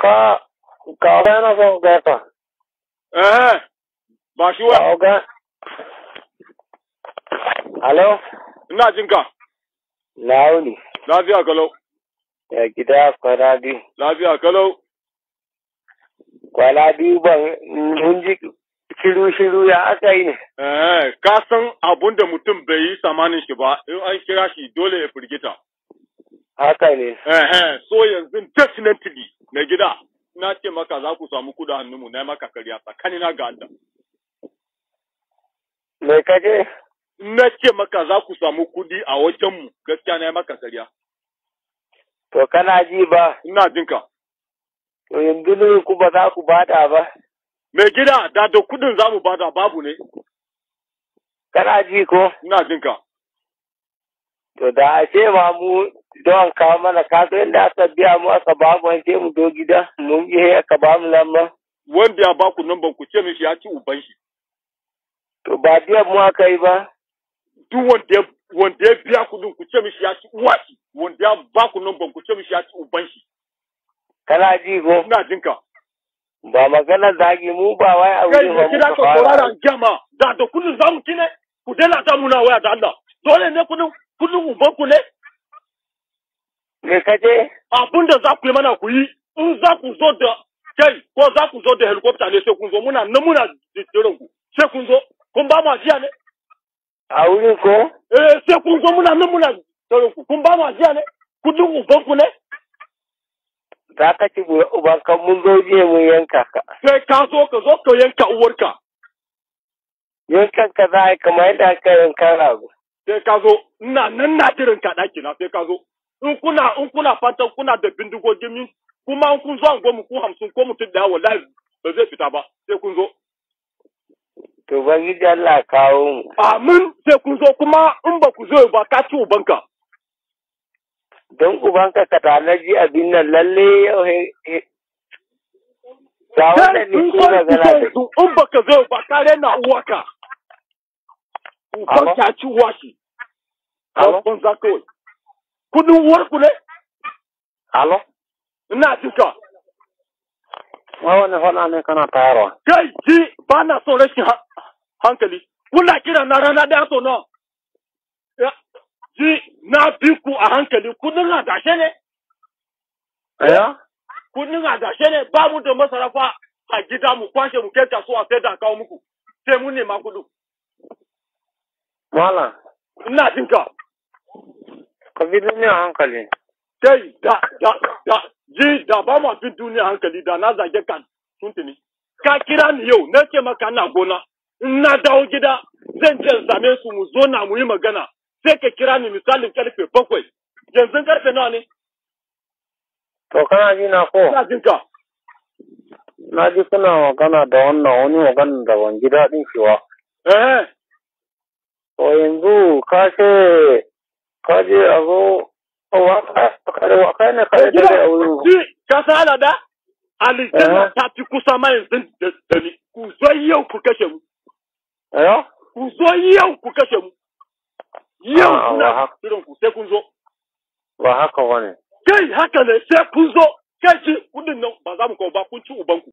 Ka, ka gana son gata. Eh, ba shi wa. Ka Halo? Ina jin ka. Na wuni. Lafiya kalau. Ya gida kwanadi. Lafiya kalau. Kwana biyu ban mun ji shiru-shiru ya aka yi ne. Eh, ka san abun da mutum bai yi samanin shi ba, in an kira shi dole ya firgita. Haka ne. Eh, eh so yanzu definitely mai gida na ce maka za ku samu kuda hannunmu na maka karya na ga Allah. Me kaje? Na ce maka za ku samu kudi a wajenmu gaskiya na maka karya. To kana ji ba? Ina jin ka. To yanzu ku ba za ku bada ba. Mai gida da da kudin za mu bada babu ne. Kana ji ko? Ina jin ka. To da ashe ma mu don kawo mana kaga yadda aka biya mu aka ba mu sai mu do gida mun je aka ba mu lamba. Wanda ya ba ku namban ku ce shi ya ci uban shi. To ba biya mu aka yi ba. Duk wanda ya wanda ya biya kudin ku ce shi ya ci uwa shi wanda ya ba ku namban ku ce shi ya ci uban shi. Kana ji ko? Ina jin ka. Ba magana zagi mu ba wai a wurin ba mu ka fara. Kai da da kullun zamu kine ku dela ta muna waya da Allah. Dole ne kullun kullun uban ku ne. Me kaje? Abin da za ku yi mana ku yi in za ku zo da kai ko za ku zo da helicopter ne sai kun zo muna nan muna jiran ku sai kun zo kun ba mu ajiya ne. A wurin ko? Eh sai kun zo muna nan muna jiran ku kun ba mu ajiya ne kudin uban ku ne. Za ka ci uban kan mun zo jiya mun yanka ka. Sai ka zo ka zo ka yanka uwarka. Yankan ka za a yi kamar yadda aka yanka rago. Sai ka zo ina nan na jiran ka ɗaki na sai ka zo. in kuna in kuna fatan kuna da bindigogin min kuma in kun zo anguwa ku hamsin ko mutum da wallahi ba zai fita ba sai kun zo to bangiji Allah kawo mu amin sai kun zo kuma in ba ku zo ba ka ci ubanka don ubanka ka tanaji abin nan lalle yau ga wannan ne ku na gara in ba ka zo ba ka rena uwaka ubanka ci uwa shi ban kawai kunu wor kule. alo na chuka wawa ne hona ne kana taro kai ji na so shi hankali kuna kira na rana da so no ji na ku a hankali kudin adashe ne aya kudin adashe ne ba mu da masarafa a gida mu kwashe mu kenta so a sai da kawo muku sai mun nema kudu wala ina jinka Ka ne duniya hankali. Kai da da da ji da ba ma bi duniya hankali da na zage kan sun tuni. Ka kira ni yau na ce maka na gona. In na dawo gida zan ce zame su mu zo na mu yi magana. Sai ka kira ni misalin karfe bakwai. Yanzu karfe nawa ne? To kana ji na ko? Ina jin Na ji kuna magana da wannan wani magana da ban ji daɗin shi wa. Eh. To yanzu ka ce kaje ago ne kare da ya wuri ka sala da aljanna eh? ta fi kusa ma yanzu da ni ku zo yau ku kashe mu eh? ku zo yau ku kashe mu yau ah, na irin ku sai kun zo ba haka wani kai haka ne sai kun zo kai ci kudin nan ba za mu kawo ba kun ci ubanku